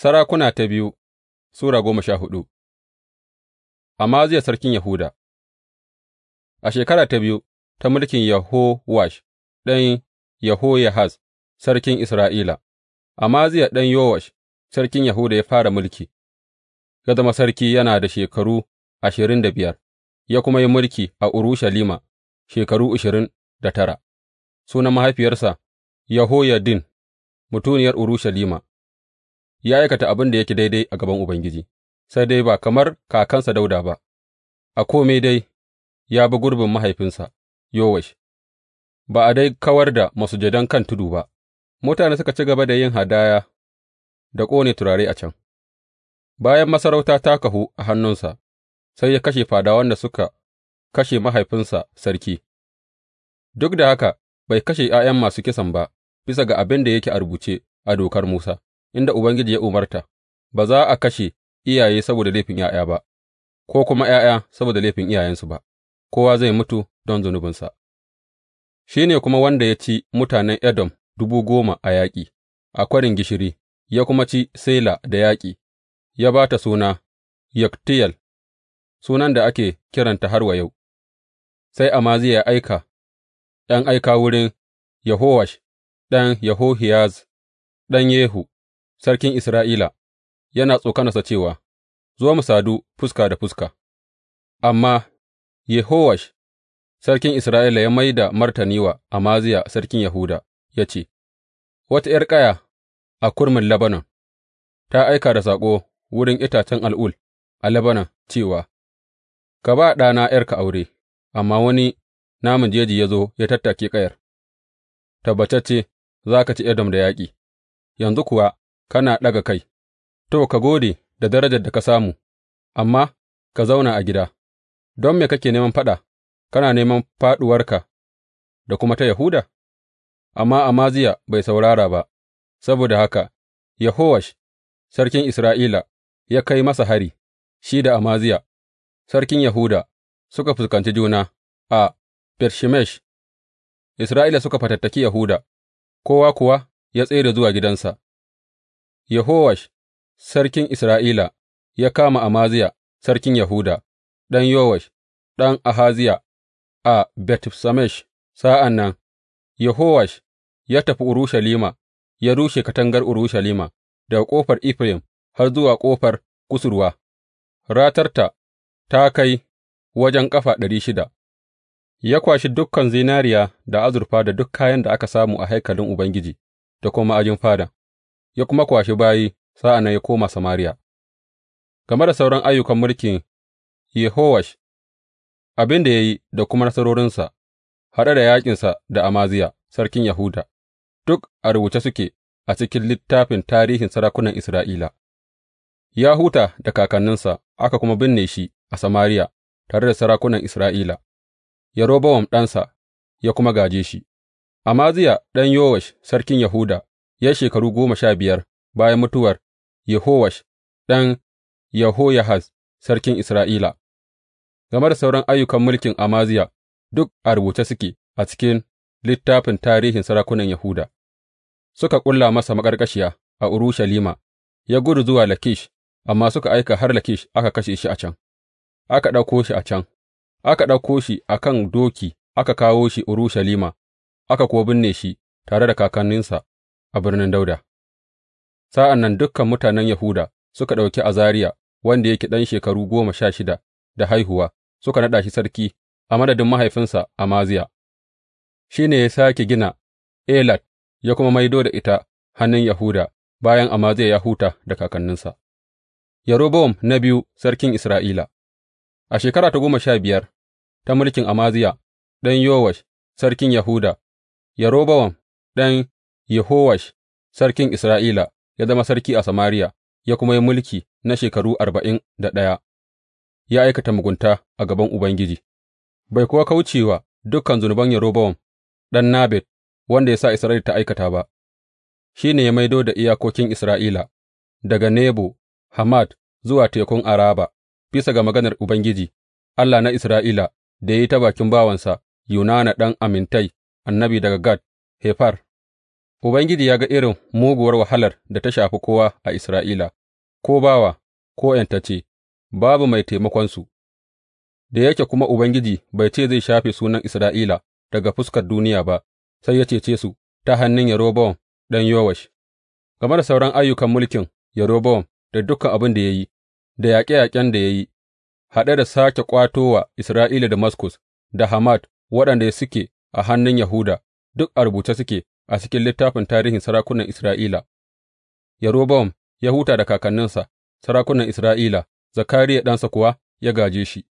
Sarakuna ta biyu Sura goma sha hudu Amaziya sarkin Yahuda A shekara ta biyu ta mulkin Yahowash ɗan Yahoyahaz sarkin Isra'ila, Amaziya ɗan Yowash sarkin Yahuda ya fara mulki, ya zama sarki yana da shekaru ashirin da biyar, ya kuma yi mulki a Urushalima shekaru ashirin da tara. Sunan mahaifiyarsa Yahoyadin, mutuniyar Urushalima. ya aikata abin da yake daidai a gaban Ubangiji, sai dai ba kamar kakansa Dawuda ba, a kome dai ya bi gurbin mahaifinsa Yowash, ba a dai kawar da masujadan kan tudu ba, mutane suka ci gaba da yin hadaya da ƙone turare a can. Bayan masarauta ta kahu a hannunsa, sai ya kashe fadawan da suka kashe mahaifinsa sarki, duk da haka bai kashe ’ya'yan masu kisan ba, bisa ga abin da yake a rubuce a dokar Musa. inda Ubangiji ya umarta, ba za a kashe iyaye saboda laifin ’ya'ya ba, ko kuma ’ya'ya saboda laifin iyayensu ba, kowa zai mutu don zunubinsa, shi ne kuma wanda ya ci mutanen Edom dubu goma a yaƙi a Kwarin Gishiri, ya kuma ci Sela da yaƙi, ya ba ta suna Yaktiyal. sunan da ake kiranta har wa yau, sai Amaziya ya aika ’yan aika wurin Yehowash ɗan Yehohiyaz, ɗan Yehu, sarkin Isra'ila, yana tsokanarsa cewa, Zo mu sadu fuska da fuska, amma Yehowash sarkin Isra'ila ya mai da martani wa Amaziya sarkin Yahuda ya ce, Wata ’yar ƙaya a kurmin Lebanon ta aika da saƙo wurin itacen al'ul a Lebanon cewa, Ka ba ɗana ’yarka aure, amma wani namun jeji ya zo ya tattake ƙayar, tabbatacce za ka ci Edom da yaƙi, yanzu kuwa kana ɗaga kai, to, ka gode da darajar da ka samu, amma ka zauna a gida, don me kake neman faɗa, kana neman faɗuwarka da kuma ta Yahuda? Amma Amaziya bai saurara ba, saboda haka Yehowash sarkin Isra'ila ya kai masa hari, shi da Amaziya, sarkin Yahuda, suka fuskanci juna a Bershemesh, Isra'ila suka fatattaki Yahuda, kowa kuwa ya tsere zuwa gidansa. Yehowash sarkin Isra'ila ya kama Amaziya sarkin Yahuda, ɗan Yowash, ɗan Ahaziya a Bet Shemesh, sa'an nan Yehowash ya tafi Urushalima ya rushe katangar Urushalima daga ƙofar Efraim har zuwa ƙofar kusurwa, ratarta ta kai wajen ƙafa ɗari shida, ya kwashi dukkan zinariya da azurfa da duk kayan da aka samu a haikalin Ubangiji da kuma ma'ajin fadan. ya kuma kwashi bayi sa'an nan ya koma Samariya Game da sauran ayyukan mulkin Yehowash, abin da ya yi da kuma nasarorinsa, haɗe da yaƙinsa da Amaziya sarkin Yahuda, duk a rubuce suke a cikin littafin tarihin sarakunan Isra'ila. Ya huta da kakanninsa, aka kuma binne shi a Samariya tare da sarakunan Isra'ila, Yerobowam ɗansa ya kuma gaje shi, Amaziya ɗan Yowash sarkin Yahuda ya yi shekaru goma sha biyar bayan mutuwar Yehowash ɗan Yehoyahaz sarkin Isra'ila, game da sauran ayyukan mulkin Amaziya, duk a rubuce suke a cikin littafin tarihin sarakunan Yahuda, suka ƙulla masa maƙarƙashiya a Urushalima, ya gudu zuwa Lakish, amma suka aika har Lakish aka kashe shi a can, aka ɗauko shi a can, aka ɗauko shi a kan doki aka kawo shi Urushalima, aka kuwa binne shi tare da kakanninsa a birnin Dawuda Sa'an nan dukan mutanen Yahuda suka ɗauki Azariya, wanda yake ɗan shekaru goma sha shida da haihuwa, suka naɗa shi sarki a madadin mahaifinsa Amaziya, shi ne ya sake gina Elat ya kuma maido da ita hannun Yahuda bayan Amaziya ya huta da kakanninsa. Yerobowam na biyu sarkin Isra'ila A shekara ta goma sha biyar ta mulkin Amaziya ɗan Yowash sarkin Yahuda, Yerobowam ɗan Yehowash sarkin Isra'ila ya zama sarki a Samariya ya kuma yi mulki na shekaru arba'in da ɗaya, ya aikata mugunta a gaban Ubangiji, bai kuwa kauce wa dukan zunuban Yerobowam ɗan Nabat wanda ya sa Isra'ila ta aikata ba, shi ne ya maido da iyakokin Isra'ila daga Nebo, Hamad zuwa tekun Araba, bisa ga maganar Ubangiji, Allah na Isra'ila, da ya yi ta bakin bawansa Yunana ɗan Amintai, annabi daga Gad Hefar. Ubangiji ya ga irin muguwar wahalar da ta shafi kowa a Isra'ila, ko bawa, ko ’yantacce, babu mai taimakonsu, da yake kuma Ubangiji bai ce zai shafe sunan Isra'ila daga fuskar duniya ba, sai ya cece su ta hannun Yerobowam ɗan Yowash, game da sauran ayyukan mulkin Yerobowam da dukan abin da ya yi, da yaƙe-yaƙen da ya yi, haɗe da sake ƙwato wa Isra'ila Damaskus da Hamat waɗanda suke a hannun Yahuda, duk a rubuce suke a cikin littafin tarihin sarakunan Isra'ila, Yerobowam ya huta da kakanninsa, sarakunan Isra'ila, Zakariya ɗansa kuwa ya gāje shi.